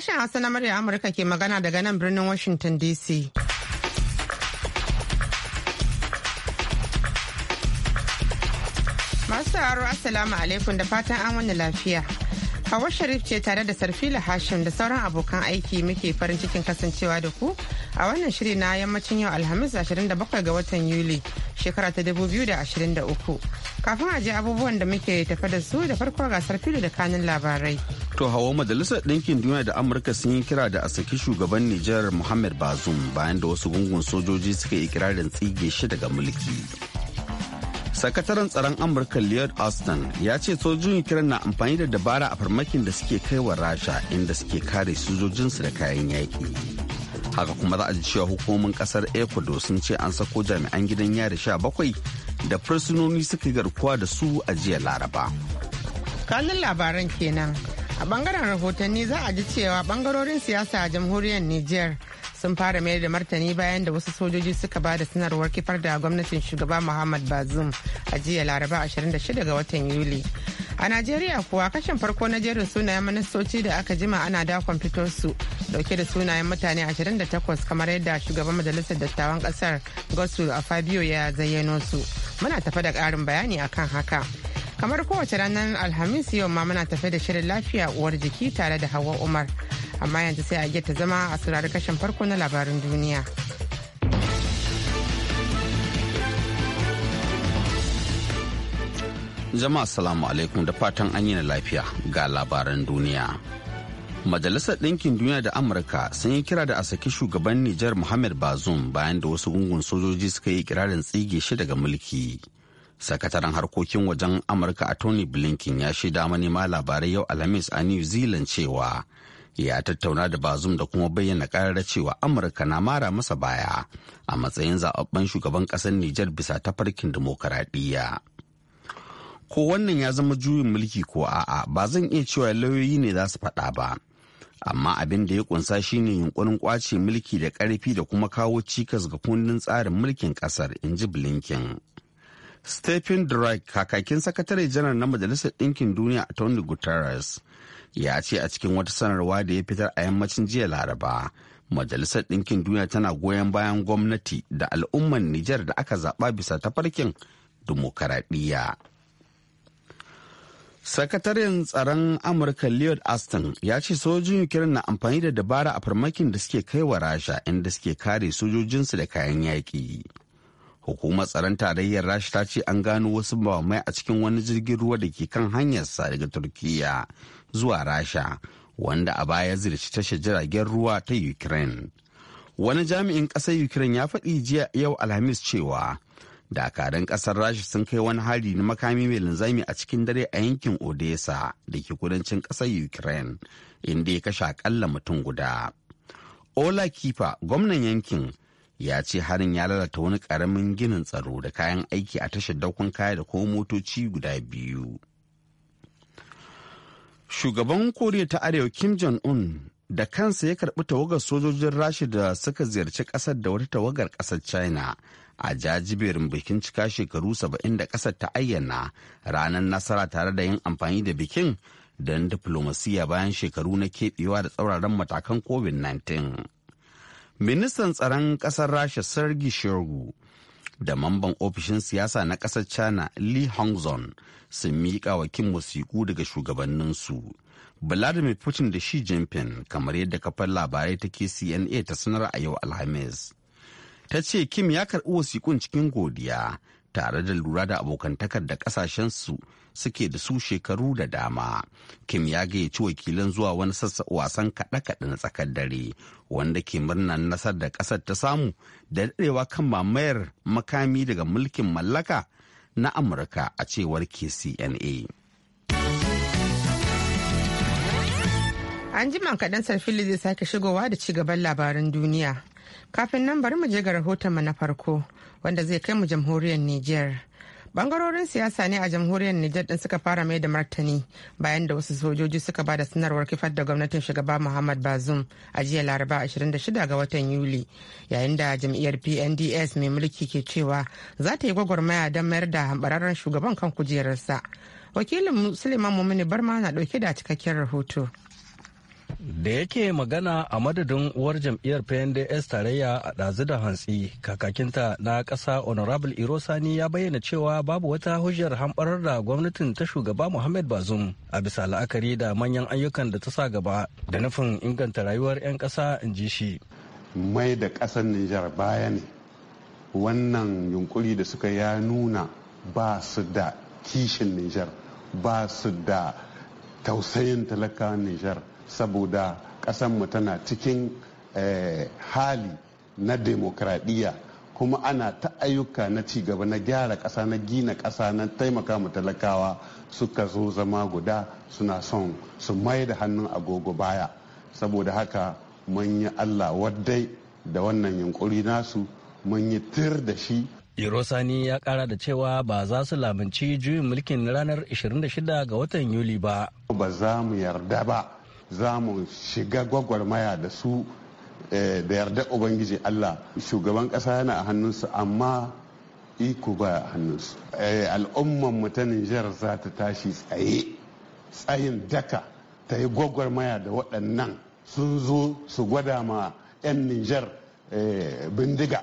Sashen Hausa na murya Amurka ke magana daga nan birnin Washington DC. Masu sauraro Assalamu alaikum da fatan an wani lafiya. Hawa Sharif ce tare da Sarfila Hashim da sauran abokan aiki muke farin cikin kasancewa da ku a wannan shiri na yammacin yau alhamis 27 ga watan yuli shekara ta 2023 kafin aje abubuwan da muke tafa da su da farko gasar fili da kanin labarai to hawa majalisar ɗinkin duniya da amurka sun yi kira da a saki shugaban nijar muhammad bazum bayan da wasu gungun sojoji suka yi kirarin tsige shi daga mulki sakataren tsaron amurka lloyd austin ya ce sojojin kiran na amfani da dabara a farmakin da suke kaiwa rasha inda suke kare sojojinsu da kayan yaƙi haka kuma za a ji cewa hukumomin kasar ecuador sun ce an sako jami'an gidan yari sha bakwai da fursunoni suka garkuwa da su a jiya laraba kanun labaran kenan a bangaren rahotanni za a ji cewa bangarorin siyasa a jamhuriyar niger sun fara mayar da martani bayan da wasu sojoji suka ba da sanarwar kifar da gwamnatin shugaba muhammad bazum a jiya laraba 26 ga watan yuli A Najeriya kuwa kashin farko na jerin sunayen ministoci da aka jima ana dakon fitar su dauke da sunayen mutane 28 kamar yadda shugaban majalisar dattawan kasar Gosul a Fabio ya zayyano su. Muna tafe da karin bayani akan haka. Kamar kowace ranar Alhamis yau ma muna tafe da shirin lafiya uwar jiki tare da hawa Umar. Amma yanzu sai a ta zama a saurari kashin farko na labarin duniya. Jama'a salamu alaikum da fatan an yi na lafiya ga labaran duniya. Majalisar Ɗinkin Duniya da Amurka sun yi kira da a saki shugaban Nijar Muhammad Bazoum bayan da wasu gungun sojoji suka yi kirarin tsige shi daga mulki. Sakataren harkokin wajen Amurka a Tony Blinken ya shaida manema labarai yau Alhamis a New Zealand cewa ya tattauna da Bazoum da kuma bayyana karar cewa Amurka na mara masa baya a matsayin zaɓaɓɓen shugaban ƙasar Nijar bisa tafarkin dimokuraɗiyya. ko wannan ya zama juyin mulki ko a'a ba zan iya cewa lauyoyi ne za su faɗa ba amma abin da ya kunsa shine yunkurin kwace mulki da ƙarfi da kuma kawo cikas ga kundin tsarin mulkin ƙasar in ji blinken stephen drake kakakin sakatare janar na majalisar ɗinkin duniya a tony guterres ya ce a cikin wata sanarwa da ya fitar a yammacin jiya laraba majalisar ɗinkin duniya tana goyon bayan gwamnati da al'ummar nijar da aka zaɓa bisa tafarkin dimokuraɗiyya. sakataren tsaron amurka lloyd aston ya ce sojojin ukraine na amfani da dabara a farmakin da suke kai wa rasha inda suke kare sojojinsu da kayan yaƙi hukumar tsaron tarayyar rasha ta ce an gano wasu mai a cikin wani jirgin ruwa da ke kan hanyarsa daga Turkiyya zuwa rasha wanda a baya zirci tashar jiragen ruwa ta ukraine wani jami'in ƙasar ukraine ya faɗi jiya yau alhamis cewa dakarun kasar rasha sun kai wani hari na makami mai linzami a cikin dare a yankin odessa da ke kudancin kasar ukraine inda ya kashe akalla mutum guda ola kifa gwamnan yankin ya ce harin ya lalata wani karamin ginin tsaro da kayan aiki a tashar daukun kaya da kuma motoci guda biyu shugaban koriya ta arewa kim jong-un da kansa ya karbi tawagar sojojin rashi da suka ziyarci kasar da wata tawagar kasar china a jajiberin bikin cika shekaru saba'in da ƙasa ta ayyana ranar nasara tare da yin amfani da bikin don diplomasiya bayan shekaru na keɓewa da tsauraran matakan covid-19 ministan tsaron kasar rasha sergi shirgu da mamban ofishin siyasa na ƙasar china li hongzon sun miƙa wa kin wasiƙu daga shugabanninsu vladimir putin da shi jinping kamar yadda kafar labarai ta ke cna ta sanar a yau alhamis ta ce kim ya karɓi wasiƙun cikin godiya tare da lura da abokantakar da ƙasashensu suke da su shekaru da dama kim ya gayyaci wakilan zuwa wani sassa wasan kaɗe-kaɗe na tsakar dare wanda ke murnar nasar da ƙasar ta samu da daɗewa kan mamayar makami daga mulkin mallaka na amurka a cewar kcna an jima kaɗan sarfili zai sake shigowa da ci gaban labaran duniya Kafin nan bari mu je ga rahoton mu na farko wanda zai kai mu jamhuriyar Nijar. bangarorin siyasa ne a jamhuriyar Nijar din suka fara mai da martani bayan da wasu sojoji suka ba da sanarwar kifar da gwamnatin shugaba Muhammad Bazum a jiya Laraba 26 ga watan Yuli yayin da jam'iyyar PNDS mai mulki ke cewa za ta yi gwagwarmaya don mayar da hambararren shugaban kan kujerarsa. Wakilin Suleiman Mumini Barma na dauke da cikakken rahoto. da yake magana a madadin uwar jam'iyyar pnds tarayya a ɗazu da hantsi kakakinta na ƙasa honorable irosani ya bayyana cewa babu wata hujjar hamɓarar da gwamnatin ta shugaba muhammad bazum a bisa la'akari da manyan ayyukan da ta sa gaba da nufin inganta rayuwar 'yan ƙasa in ji shi mai da ƙasar nijar baya ne wannan yunkuri da suka ya nuna ba su da kishin nijar ba su da tausayin talakawan nijar saboda ƙasanmu tana cikin eh, hali na demokradiyya kuma ana ta ayyuka na cigaba na gyara ƙasa na gina ƙasa na taimaka mu talakawa suka zo zama guda suna son su mai da hannun agogo baya saboda haka mun yi allah waddai da wannan yunkuri nasu mun yi tir da shi Sani ya kara da cewa ba za su lamunci juyin mulkin ranar 26 ga watan Yuli ba. Ba za mu yarda ba za mu shiga gwagwarmaya da su eh, da yarda ubangiji allah shugaban ƙasa yana a hannunsu amma iko ba a hannunsu eh, al'umman mu ta nijar za ta tashi tsaye tsayin daka ta yi gwagwarmaya da waɗannan sun zo su gwada ma 'yan nijar eh, bindiga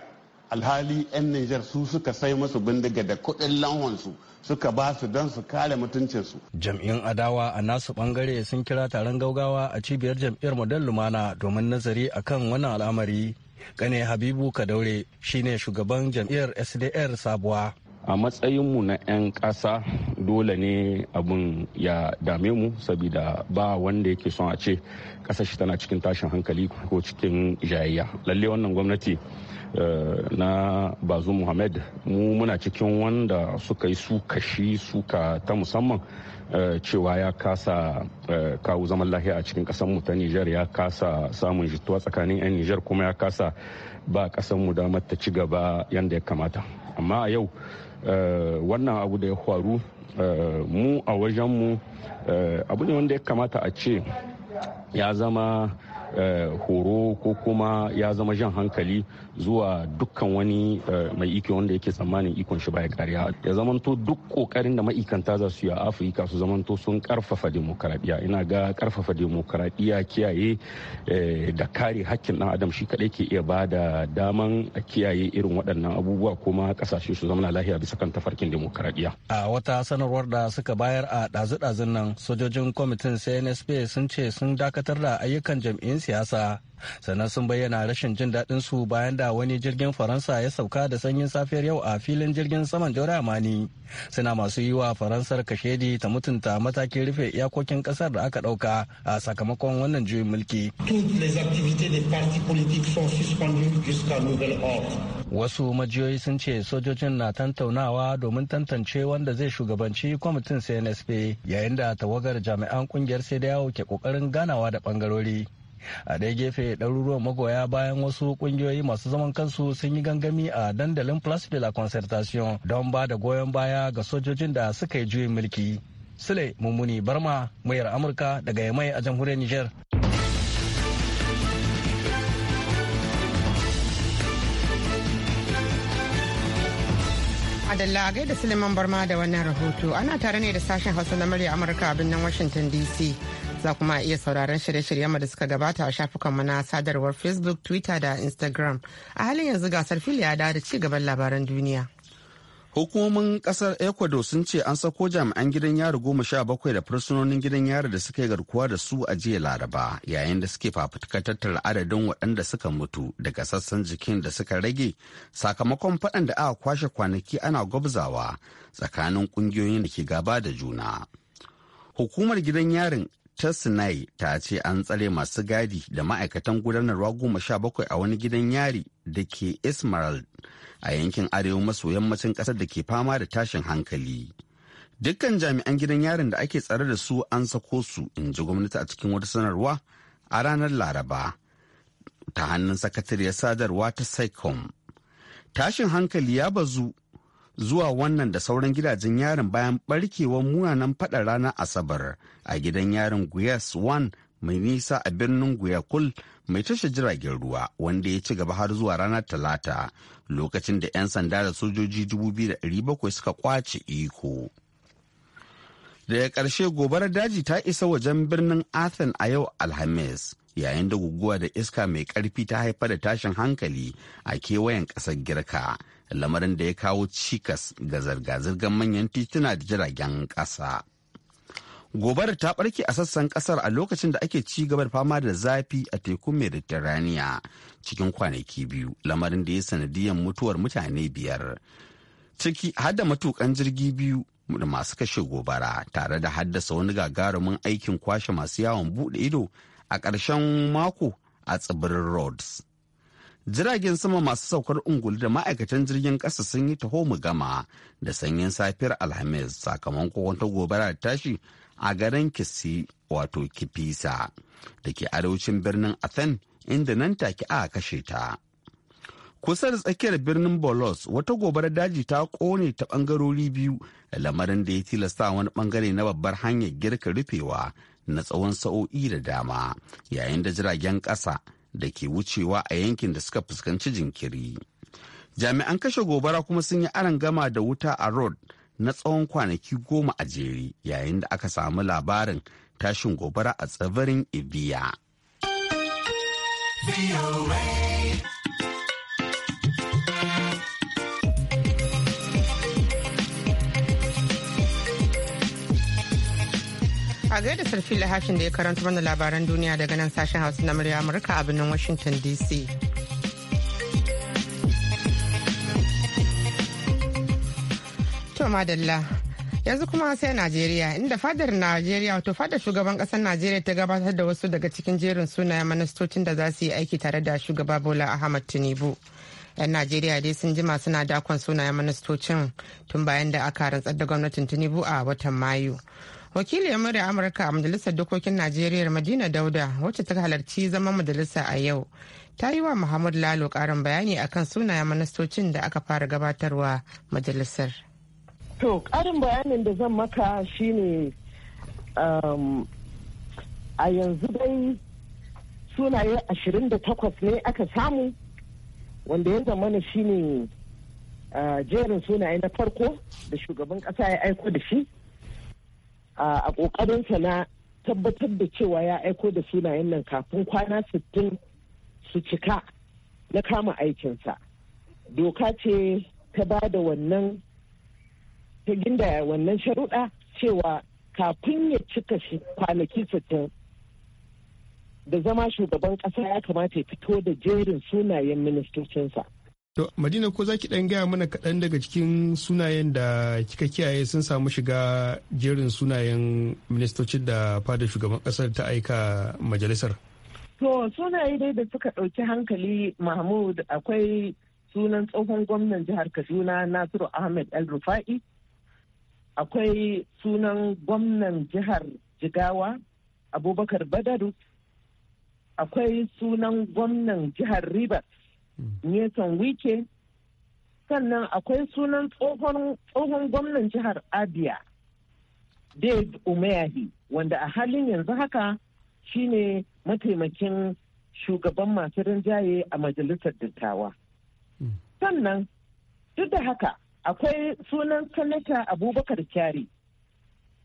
alhali 'yan Nijar su suka sai masu bindiga da kuɗin lanwansu suka ba su don su kare mutuncinsu. Jam'in adawa a nasu bangare sun kira taron gaugawa a cibiyar jam'iyyar model lumana domin nazari akan wannan al'amari. Gane Habibu Kadaure shine shugaban jam'iyyar SDR sabuwa. a matsayinmu na 'yan ƙasa dole ne abun ya dame mu saboda ba wanda yake son a ce ƙasar shi tana cikin tashin hankali ko cikin jayayya lalle wannan gwamnati eh, na bazu muhammad mu muna cikin wanda suka yi suka shi suka ta musamman eh, cewa ya kasa eh, kawo zaman lahiya a cikin mu ta nijar ya kasa samun jituwa tsakanin 'yan nijar kuma ya kasa ba mu damar ta ci gaba yadda ya kamata amma a yau Eh, wannan abu da ya faru eh, mu a wajenmu eh, abu ne wanda ya kamata a ce ya zama Eh, horo ko kuma ya zama jan hankali zuwa dukkan wani eh, mai iko wanda yake tsammanin ikon shi baya kariya ya zamanto duk kokarin da ma'aikanta za su yi a afirka su zamanto sun karfafa demokaradiyya ina ga karfafa demokaradiyya kiyaye eh, da kare hakkin dan adam shi kadai ke iya ba da daman a kiyaye irin waɗannan abubuwa kuma kasashe su zama lahiya bisa kan tafarkin demokaradiyya a wata sanarwar da suka bayar a ɗazu-ɗazun nan sojojin kwamitin cnsp sun ce sun dakatar da ayyukan jam'iyyar jam'iyyun siyasa sannan sun bayyana rashin jin daɗin su bayan da wani jirgin faransa ya sauka da sanyin safiyar yau a filin jirgin saman jora mani suna masu yi wa faransar kashedi ta mutunta matakin rufe iyakokin ƙasar da aka ɗauka a sakamakon wannan juyin mulki wasu majiyoyi sun ce sojojin na tantaunawa domin tantance wanda zai shugabanci kwamitin cnsp yayin da tawagar jami'an kungiyar sai da yawo ke ƙoƙarin ganawa da bangarori a ɗaya gefe ɗaruruwan magoya bayan wasu ƙungiyoyi masu zaman kansu sun yi gangami a dandalin place de la concertation don ba da goyon baya ga sojojin da suka yi juyin mulki sule mummuni barma muryar amurka daga yamai a jamhuriyar niger Adalla gai da Suleiman Barma da wannan rahoto ana tare ne da sashen Hausa na murya Amurka a birnin Washington DC Za kuma iya sauraron shirye-shiryen da suka gabata a shafukanmu na sadarwar Facebook, Twitter da Instagram. A halin yanzu gasar fili ya da ci gaban labaran duniya. Hukumomin kasar Ecuador sun ce an sako jami'an gidan yari goma sha bakwai da fursunonin gidan yari da suka yi garkuwa da su a jiya Laraba yayin da suke fafutukar tattara adadin waɗanda suka mutu daga sassan jikin da suka rage sakamakon faɗan da aka kwashe kwanaki ana gwabzawa tsakanin ƙungiyoyin da ke gaba da juna. Hukumar gidan yarin ta sinai ta ce an tsare masu gadi da ma'aikatan gudanarwa goma sha bakwai a wani gidan yari da ke esmerald a yankin arewa maso yammacin kasar da ke fama da tashin hankali dukkan jami'an gidan yarin da ake tsare da su an sako su in ji gwamnati a cikin wata sanarwa a ranar laraba ta hannun sakatariyar sadarwa ta saicom tashin hankali ya bazu zuwa wannan da sauran gidajen yarin bayan barkewar munanan faɗa ranar asabar a gidan yarin Guyas 1 mai nisa a birnin Guyakul mai tashar jiragen ruwa wanda ya ci gaba har zuwa ranar Talata lokacin da 'yan sanda da sojoji 2,700 suka kwace iko. Daga ƙarshe gobarar daji ta isa wajen birnin Athens a yau Alhamis. yayin da guguwa da iska mai ƙarfi ta haifar da tashin hankali a kewayen ƙasar girka lamarin da ya kawo cikas ga zirga-zirgar manyan tituna da jiragen ƙasa. gobara ta barke a sassan kasar a lokacin da ake ci gaba da fama da zafi a tekun mediterranean cikin kwanaki biyu lamarin da ya sanadiyar mutuwar mutane biyar ciki hada matukan jirgi biyu da masu kashe gobara tare da haddasa wani gagarumin aikin kwashe masu yawon bude ido a ƙarshen mako a tsibirin rhodes jiragen sama masu saukar ungulu da ma'aikatan jirgin ƙasa sun yi taho mu gama da sanyin safiyar alhamis sakamakon wata gobara da tashi a garin Kisi wato Kifisa da ke arewacin birnin Athen inda nan take a kashe ta. Kusa da tsakiyar birnin Bolos wata gobara daji ta kone ta bangarori biyu lamarin da ya tilasta wani bangare na babbar hanyar girka rufewa na tsawon sa'o'i da dama yayin da jiragen kasa da ke wucewa a yankin da suka fuskanci jinkiri. Jami'an kashe gobara kuma sun yi gama da wuta a road na tsawon kwanaki goma a jere yayin da aka samu labarin tashin gobara a tsibirin ibiya. a gaida sarfi lahashin da ya karanta mana labaran duniya daga nan sashen hausa na murya amurka a birnin washington dc To madalla. Yanzu kuma sai Najeriya inda fadar Najeriya wato fadar shugaban kasar Najeriya ta gabatar da wasu daga cikin jerin sunayen ministocin da za su yi aiki tare da shugaba Bola Ahmad Tinubu. 'Yan Najeriya dai sun jima suna dakon sunayen ministocin tun bayan da aka rantsar da gwamnatin Tinubu a watan Mayu. ya murya amurka a majalisar dokokin najeriya madina dauda wacce ta halarci zaman majalisa a yau ta yi wa muhammad lalo karin bayani akan sunayen ministocin da aka fara gabatarwa majalisar To, ƙarin bayanin da zan maka shi um, a yanzu dai sunaye 28 ne aka samu wanda ya zamana shine uh, jerin sunaye na farko da shugaban ƙasa ya aiko da shi a ƙoƙarinsa na tabbatar da cewa ya aiko da sunayen nan kafin kwana 60 su cika na kama aikinsa doka ce ta ba da wannan ta ginda wannan sharuɗa cewa kafin ya cika kwanaki sittin da zama shugaban ƙasa ya kamata ya fito da jerin sunayen ministocinsa. To Madina ko za ki ɗan gaya mana kaɗan daga cikin sunayen da kika kiyaye sun samu shiga jerin sunayen ministocin da fadar shugaban ƙasar ta aika majalisar. To sunaye dai da suka ɗauki hankali Mahmud akwai sunan tsohon gwamnan jihar Kaduna Nasiru Ahmed El Rufa'i. akwai sunan gwamnan jihar jigawa abubakar badaru akwai sunan gwamnan jihar rivers hmm. nathan wike sannan akwai sunan tsohon gwamnan jihar abia dave umeahi wanda a halin yanzu haka shine mataimakin shugaban masu rinjaye a majalisar dattawa hmm. sannan duk da haka akwai sunan sanata abubakar kyari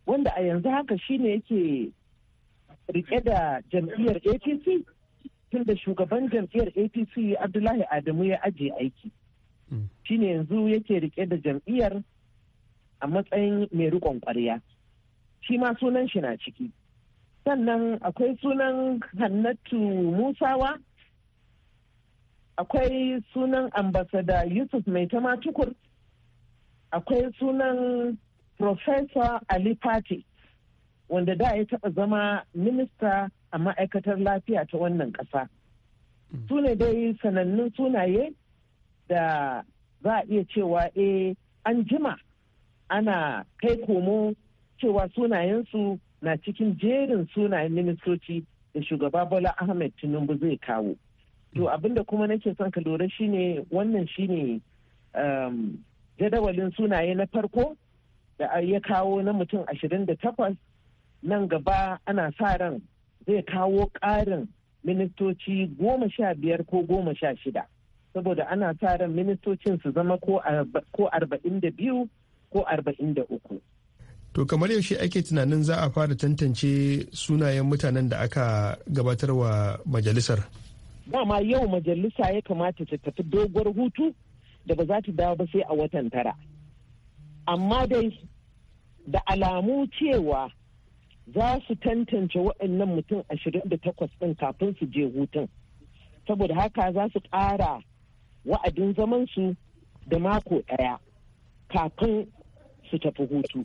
wanda a yanzu haka shine yake rike da jam'iyyar apc tun da shugaban jam'iyyar apc abdullahi adamu ya ajiye aiki hmm. shine yanzu yake rike da jam'iyyar a matsayin mai rikon kwarya shi ma sunan shi na ciki sannan akwai sunan hannatu musawa akwai sunan ambasada yusuf mai tama tukur akwai sunan Professor Ali Fati wanda da ya taɓa zama minista a ma'aikatar lafiya ta wannan ƙasa. Hmm. Sune dai sanannun sunaye da za a iya cewa e an jima ana kai komo cewa sunayensu na cikin jerin sunayen ministoci da shugaba Bola Ahmed Tinubu zai kawo. To hmm. abinda kuma nake son ka lura shine wannan shine um, jadawalin sunaye na farko da ya kawo na mutum ashirin da takwas nan gaba ana sa ran zai kawo ƙarin ministoci goma sha biyar ko goma sha shida saboda ana sa ran ministocin su zama ko arba'in da biyu ko arba'in da uku to kamar yaushe ake tunanin za a fara tantance sunayen mutanen da aka gabatar wa majalisar dama yau majalisa ya kamata ta tafi doguwar hutu da ba za ta dawo ba sai a watan tara amma dai da alamu cewa za su tantance waɗannan mutum ashirin da takwas ɗin kafin su je hutun saboda haka za su ƙara wa'adin zamansu da mako ɗaya kafin su tafi hutu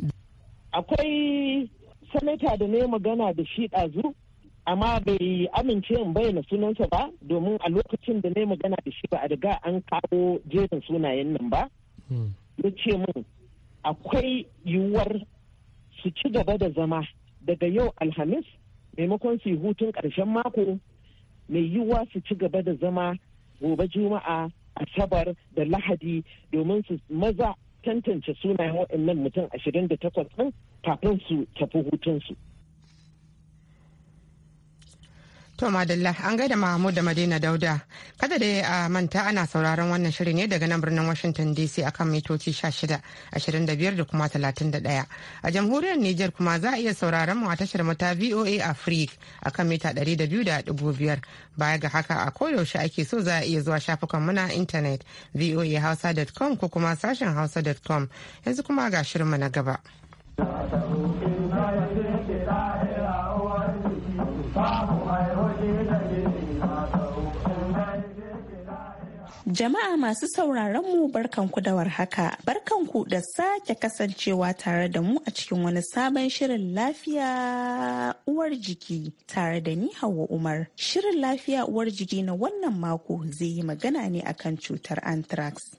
akwai sanata da na magana da shi ɗazu amma bai amince in bayyana sunansa ba domin a lokacin da na yi magana da shi ba a riga an kawo jerin sunayen nan ba hmm. ya ce min akwai yiwuwar su ci gaba da zama daga yau alhamis maimakon su yi hutun ƙarshen mako mai yiwuwa su ci gaba da zama gobe juma'a asabar da lahadi domin su maza tantance sunayen waɗannan mutum ashirin da takwas ɗin kafin su tafi hutunsu To Madalla an gaida Mahmud da Madina Dauda. Kada da a manta ana sauraron wannan shirin ne daga nan birnin Washington DC akan mitoci 16, 25 da kuma 31. A jamhuriyar Nijar kuma za a iya sauraron mu a tashar mata VOA Africa akan mita 200.5. Baya ga haka a koyaushe ake so za a iya zuwa shafukan mu na intanet voahausa.com ko kuma sashen hausa.com. Yanzu kuma ga shirin mu na gaba. Jama'a masu sauraron mu barkanku da warhaka. Barkanku da sake kasancewa tare da mu a cikin wani sabon shirin lafiya uwar jiki tare da ni Hauwa Umar. Shirin lafiya uwar jiki na wannan mako zai yi magana ne akan cutar anthrax.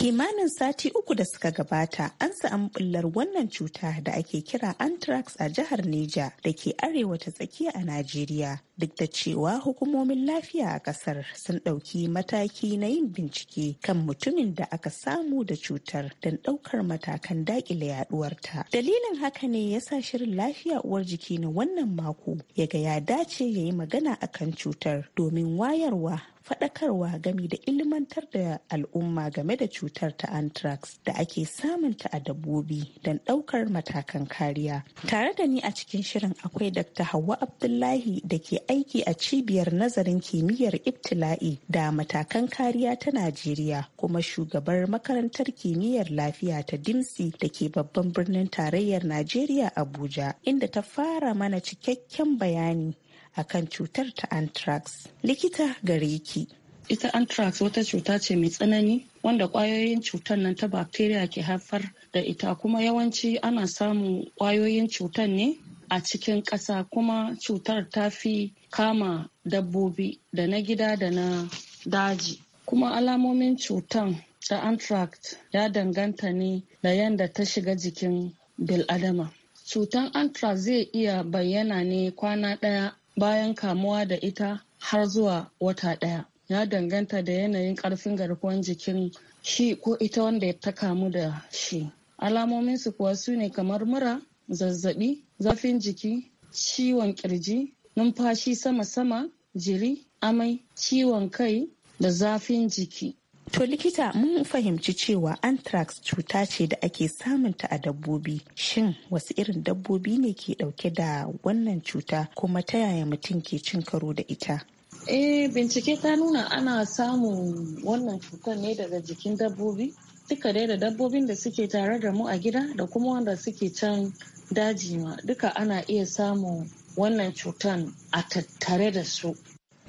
kimanin sati uku da suka gabata an sa'an bullar wannan cuta da ake kira anthrax a jihar neja da ke arewa ta tsakiya a najeriya duk da cewa hukumomin lafiya a kasar sun ɗauki mataki na yin bincike kan mutumin da aka samu da cutar don ɗaukar matakan daƙile yaduwarta dalilin haka ne ya sa shirin lafiya uwar jiki na wannan mako ya ga ya dace ya yi magana akan cutar domin wayarwa faɗakarwa game da ilmantar da al'umma game da cutar ta anthrax da ake samunta a dabbobi don ɗaukar matakan kariya. Tare da ni a cikin shirin akwai Dr. hawwa Abdullahi da ke aiki a cibiyar nazarin kimiyyar ibtila'i da matakan kariya ta Najeriya kuma shugabar makarantar kimiyyar lafiya ta Dimsi da ke babban birnin tarayyar Najeriya Abuja inda ta fara mana cikakken bayani akan cutar ta anthrax likita gare ki ita anthrax wata cuta ce mai tsanani wanda kwayoyin cutar nan ta bacteria ke haifar da ita kuma yawanci ana samun kwayoyin cutar ne a cikin ƙasa kuma cutar ta fi kama dabbobi da na gida da na daji kuma alamomin cutar ta anthrax ya danganta ne da yadda ta shiga jikin bil'adama cutar anthrax zai iya bayyana ne kwana ɗaya bayan kamuwa da ita har zuwa wata ɗaya. Ya danganta da yanayin ƙarfin garkuwan jikin shi ko ita wanda ta kamu da shi. Alamominsu kuwa su ne kamar mura, zazzabi, zafin jiki, ciwon kirji, numfashi sama-sama, jiri, amai, ciwon kai da zafin jiki. To likita mun fahimci cewa anthrax cuta ce da ake samunta a dabbobi. Shin wasu irin dabbobi ne ke dauke da wannan cuta kuma ta yaya mutum ke cin karo da ita? Eh bincike ta nuna ana samun wannan cutar ne daga jikin dabbobi. Duka dai da dabbobin da suke tare da mu a gida da kuma wanda suke can daji ma duka ana iya samun wannan cutan a tattare da su.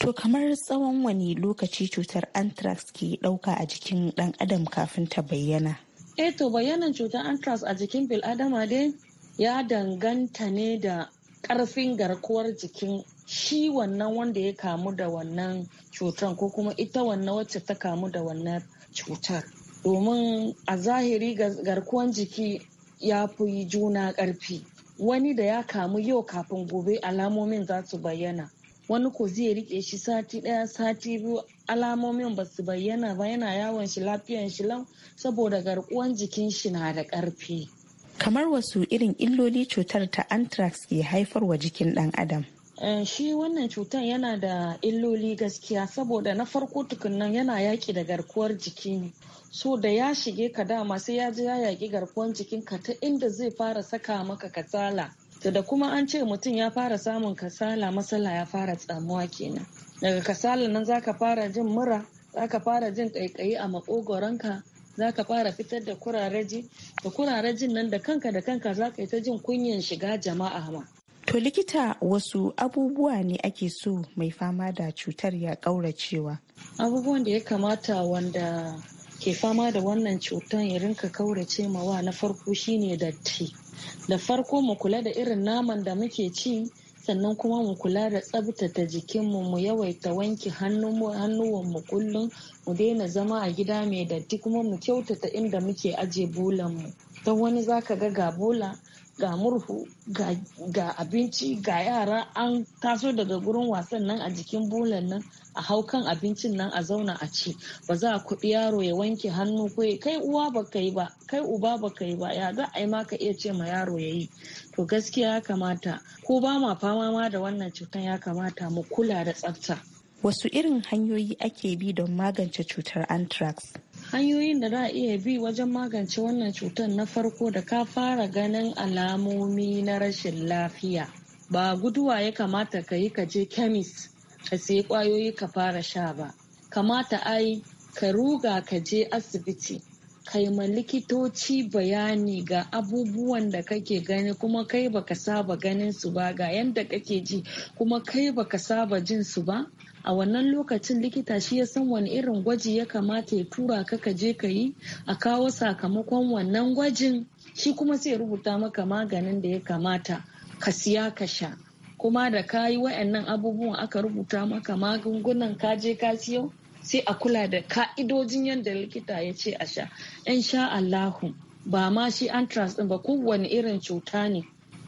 To kamar tsawon wani lokaci cutar anthrax ke ɗauka a jikin ɗan adam kafin ta bayyana? Eh to bayanan cutar anthrax a jikin bil'adama dai ya danganta ne da ƙarfin garkuwar jikin shi wannan wanda ya kamu da wannan cutar ko kuma ita wannan wacce ta kamu da wannan cutar. Domin a zahiri garkuwan jiki ya fi juna ƙarfi. Wani da ya kamu yau kafin gobe alamomin za su bayyana. wani ko zai rike shi sati daya sati biyu alamomin ba su bayyana ba yana yawon shi lafiyan shi lau saboda garkuwan jikin shi na da karfi kamar wasu irin illoli cutar ta anthrax ke haifarwa jikin dan adam eh, shi wannan cutar yana da illoli gaskiya saboda na farko tukunnan yana yaki da garkuwar jiki ne so da ya shige ka dama sai ya ji ya yaki garkuwar ka ta inda zai fara saka maka kasala to da kuma an ce mutum ya fara samun kasala matsala ya fara tsamuwa kenan daga kasala nan zaka fara jin mura zaka fara jin ƙaiƙayi a maƙogoronka zaka fara fitar da kurareji da kurarejin nan da kanka da kanka zaka yi ta jin kunyan shiga jama'a ma To likita wasu abubuwa ne ake so mai fama da cutar ya ƙauracewa. Abubuwan da ya kamata wanda ke fama da wannan cutar ya rinka kaurace mawa na farko shine datti da farko mu kula da irin naman da muke ci sannan kuma mu kula da tsabtata jikinmu mu yawaita wanke hannuwanmu kullum mu daina zama a gida mai datti kuma mu kyautata inda muke aje bulanmu don wani zaka ga ga bola ga murhu ga abinci ga yara an taso daga gurin wasan nan a jikin bulan nan a hau kan abincin nan a zauna a ci ba za a kuɗi yaro ya wanke hannu ko kai uwa ba yi ba kai uba ba yi ba ya za a yi maka iya ce ma yaro ya yi to gaskiya ya kamata ko ba ma fama ma da wannan cutar ya kamata mu kula da tsafta wasu irin hanyoyi ake bi don magance cutar anthrax hanyoyin da za a iya bi wajen magance wannan cutar na farko da ka fara ganin alamomi na rashin lafiya ba guduwa ya kamata ka yi ka je kemis ka sayi kwayoyi ka fara sha ba kamata ai ka ruga ka je asibiti kai ma likitoci bayani ga abubuwan da kake gani kuma kai baka saba ganin su ba ga yadda kake ji kuma kai baka saba jin su ba a wannan lokacin likita shi ya san wani irin gwaji ya kamata ya tura ka ka je ka yi a kawo sakamakon wannan gwajin shi kuma sai rubuta maka maganin da ya kamata ka siya ka sha kuma da ka yi wa'annan abubuwan aka rubuta maka magungunan ka je ka siyo sai a kula da ka'idojin yadda likita ya ce a sha in sha allahu ba ma shi antrax din ba kowane irin cuta ne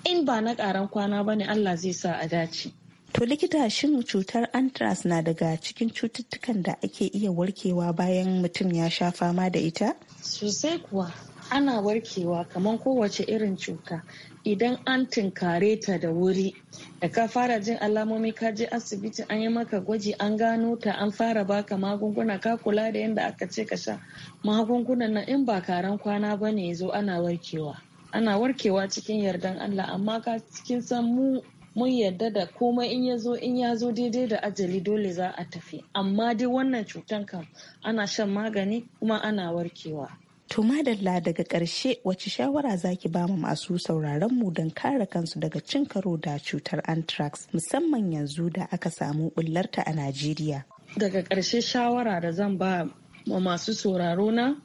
in ba na ƙaran kwana ba ne allah zai sa a dace To likita shin cutar anthrax na daga cikin cututtukan da ake iya warkewa bayan mutum ya sha fama da ita? Sosai kuwa ana warkewa kamar kowace irin cuta idan an tunkare ta da wuri da ka fara jin alamomi ka je asibiti an yi maka gwaji an gano ta an fara baka magunguna ka kula da yadda aka ce ka sha magungunan Na in ba karan kwana ba ne zo ana warkewa ana warkewa cikin yardan Allah amma ka cikin san mu mun yarda da komai in ya zo in ya zo daidai da ajali dole za a tafi amma dai wannan cutan kam ana shan magani kuma ana warkewa To madalla daga ƙarshe wace shawara zaki ba mu masu sauraron mu don kare kansu daga cin karo da cutar anthrax musamman yanzu da aka samu bullarta a Najeriya. Daga ƙarshe shawara da zan ba wa masu sauraro na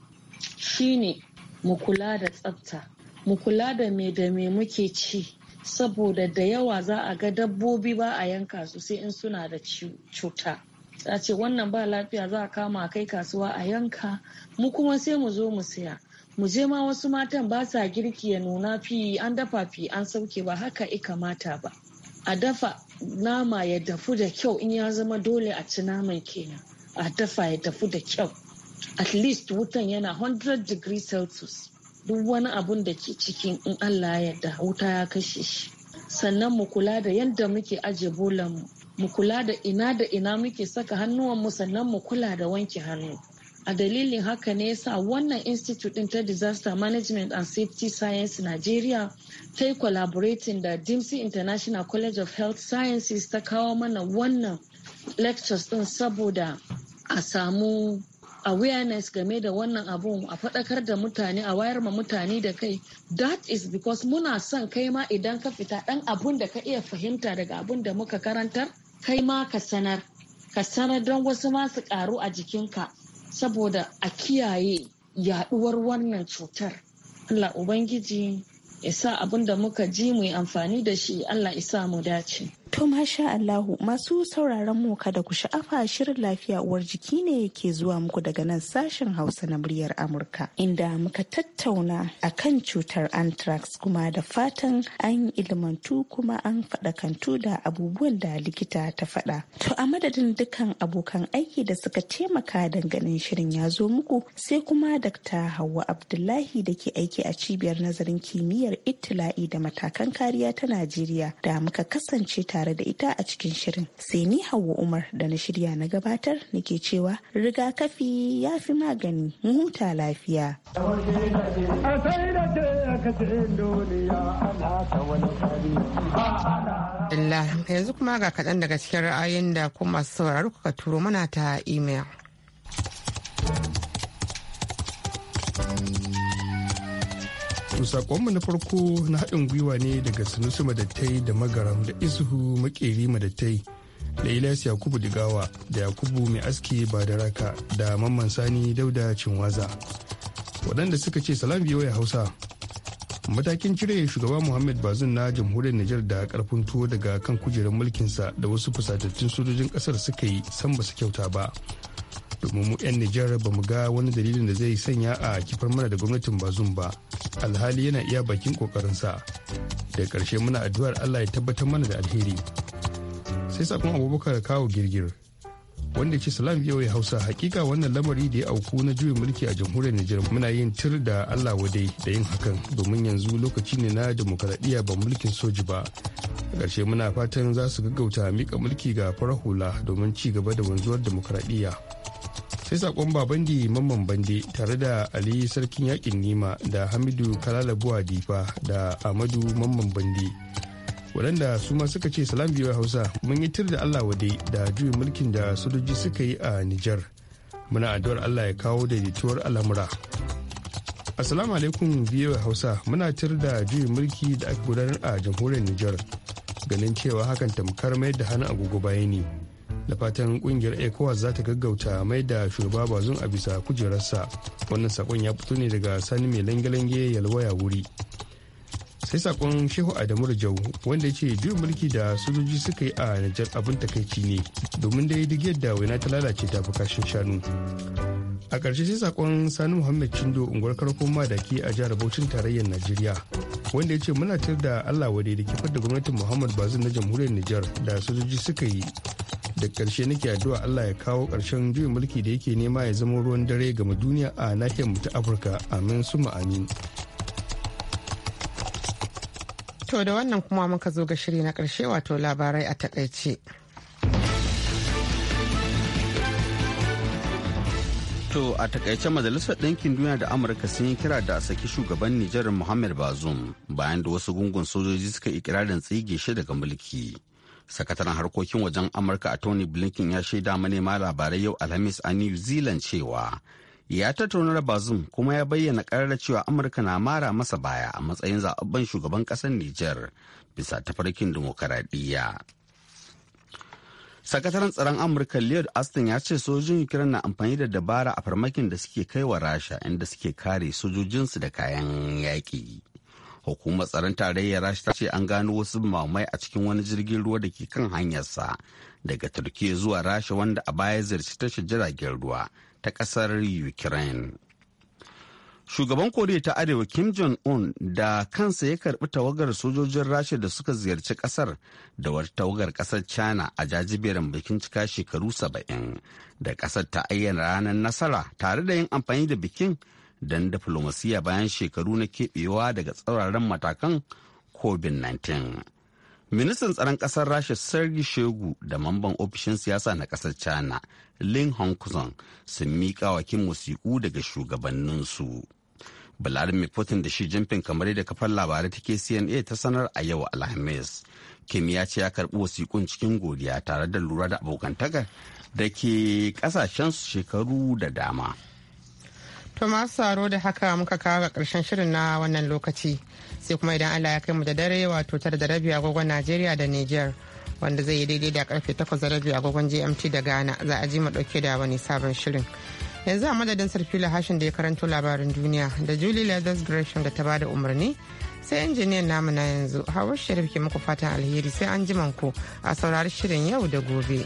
shine mu kula da tsafta, mu kula da me da me muke ci, saboda da yawa za a ga dabbobi ba a yanka su sai in suna da cuta za ce wannan ba lafiya za a kama kai kasuwa a yanka mu kuma sai mu zo mu siya mu je ma wasu matan ba sa girki ya nuna fi an dafa fi an sauke ba haka i kamata ba a dafa nama ya dafu da kyau in ya zama dole a ci naman kenan a dafa ya dafu da kyau at least wutan yana 100 degrees celsius duk wani abun da ke cikin in Allah ya yarda wuta ya kashe shi sannan mu kula da yadda muke aje bolan mu mu kula da ina da ina muke saka hannuwan mu sannan mu kula da wanke hannu a dalilin haka ne yasa wannan institute din ta disaster management and safety science nigeria ta yi collaborating da dimsi international college of health sciences ta kawo mana wannan lectures din saboda a samu awareness game da wannan abun a faɗakar da mutane a wayar ma mutane da kai that is because muna son kai ma idan ka fita ɗan abun da ka iya fahimta daga abun da muka karantar kai ma ka sanar ka sanar don wasu ma su ƙaru a jikinka saboda a kiyaye yaɗuwar wannan cutar Allah Ubangiji ya sa abun da muka ji mu yi amfani da shi Allah isa mu dace. To masha Allahu masu sauraron mu kada ku sha'afa shirin lafiya uwar jiki ne ke zuwa muku daga nan sashen Hausa na muryar Amurka inda muka tattauna akan cutar anthrax kuma da fatan an ilmantu kuma an faɗakantu da abubuwan da likita ta faɗa. To a madadin dukkan abokan aiki da suka taimaka danganin shirin ya zo muku sai kuma Dr. Hauwa Abdullahi da ke aiki a cibiyar nazarin kimiyyar itila'i da matakan kariya ta Najeriya da muka kasance tare tare da ita a cikin shirin. Sai ni hawa Umar da na shirya na gabatar nake cewa rigakafi ya fi magani muhuta huta lafiya. yanzu kuma ga kaɗan daga cikin ra'ayin da kuma sauraro kuka turo mana ta imel. To sakonmu na farko na haɗin gwiwa ne daga Sunusu Madattai da Magaram da Isuhu Makeri Madattai da ilas Yakubu Digawa da Yakubu Mai Aski Badaraka da Mamman Sani Dauda Cinwaza. Waɗanda suka ce salam biyo ya Hausa. Matakin cire shugaba Muhammad Bazin na jamhuriyar Nijar da karfin tuwo daga kan kujerar mulkinsa da wasu fusatattun sojojin ƙasar suka yi san ba su kyauta ba. domin mu 'yan Nijar ba mu ga wani dalilin da zai sanya a kifar mana da gwamnatin bazum ba alhali yana iya bakin kokarinsa da ƙarshe muna addu'ar Allah ya tabbatar mana da alheri sai sakon abubakar kawo girgir wanda ce salam yau ya hausa hakika wannan lamari da ya auku na juyin mulki a jamhuriyar Nijar muna yin tir da Allah wadai da yin hakan domin yanzu lokaci ne na demokaradiyya ba mulkin soji ba ƙarshe muna fatan za su gaggauta mika mulki ga farahula domin ci gaba da wanzuwar demokaradiyya sai sakon babandi mamman bande tare da ali sarkin yakin nima da hamidu buwa difa da amadu mamman bande waɗanda su ma suka ce salam biyu hausa mun yi tir da allah wade da juyin mulkin da sojoji suka yi a nijar muna addu'ar allah ya kawo daidaituwar al'amura assalamu alaikum biyu hausa muna tir da juyin mulki da aka gudanar a jamhuriyar nijar ganin cewa hakan tamkar mai da hannun agogo baya ne da fatan kungiyar ecowas za ta gaggauta mai da shugaba bazun a bisa kujerarsa wannan sakon ya fito ne daga sani mai langalange yalwaya wuri sai sakon shehu adamu rajau wanda ya ce juyin mulki da sojoji suka yi a nijar abin takaici ne domin dai duk yadda waina ta lalace ta fi kashin shanu a ƙarshe sai sakon sani muhammad cindo unguwar karkon madaki a jihar bauchin tarayyar najeriya wanda ya ce muna tir da allah wadai da kifar da gwamnatin muhammad bazin na jamhuriyar nijar da sojoji suka yi da ƙarshe nake addu'a Allah ya kawo karshen juyin mulki da yake nema ya zama ruwan dare ga duniya a nahiyar mu ta Afirka amin suma amin to da wannan kuma muka zo ga shiri na ƙarshe wato labarai a takaice To a takaice majalisar ɗinkin duniya da Amurka sun yi kira da a saki shugaban Nijar Muhammad bazum bayan da wasu gungun sojoji suka ikirarin tsige shi daga mulki. sakataren harkokin wajen amurka a tony blinken ya shaida manema labarai yau alhamis a new zealand cewa ya tattauna da bazum kuma ya bayyana karar cewa amurka na mara masa baya a matsayin zaɓaɓɓen shugaban ƙasar niger bisa tafarkin dimokuraɗiyya sakataren tsaron amurka leod austin ya ce sojojin ukraine na amfani da dabara a farmakin da suke kai wa rasha inda suke kare sojojinsu da kayan yaƙi Hukumar tsaron tarayyar Rasha ta ce an gano wasu mamai a cikin wani jirgin ruwa da ke kan hanyarsa daga Turkiyya zuwa Rasha wanda a baya ziyarci tashar jiragen ruwa ta kasar Ukraine. Shugaban Koriya ta Arewa Kim Jong-un da kansa ya karbi tawagar sojojin Rasha da suka ziyarci kasar da wata tawagar kasar China a jajiberin bikin cika shekaru saba'in da kasar ta ayyana ranar nasara tare da yin amfani da bikin don diflomasiya bayan shekaru na keɓewa daga tsauraran matakan covid-19 ministan tsaron ƙasar rasha sergi shegu da mamban ofishin siyasa na ƙasar china lin hongkong sun miƙa wa kin wasiƙu daga shugabanninsu vladimir putin da shi jinfin kamar yadda kafar labarai take cna ta sanar a yau alhamis kim ya ce ya karɓi wasikun cikin godiya tare da lura da abokantakar da ke ƙasashen shekaru da dama To masu saro da haka muka kawo ga ƙarshen shirin na wannan lokaci sai kuma idan Allah ya kai mu da dare wato tara da rabi agogon Najeriya da Niger wanda zai yi daidai da karfe takwas da rabi agogon GMT da Ghana za a ji mu ɗauke da wani sabon shirin. Yanzu a madadin Sarfila Hashin da ya karanto labarin duniya da Julie Leathers Gresham da ta bada umarni sai injiniyan namu na yanzu Hawa Sharif ke muku fatan alheri sai an ji ku a saurari shirin yau da gobe.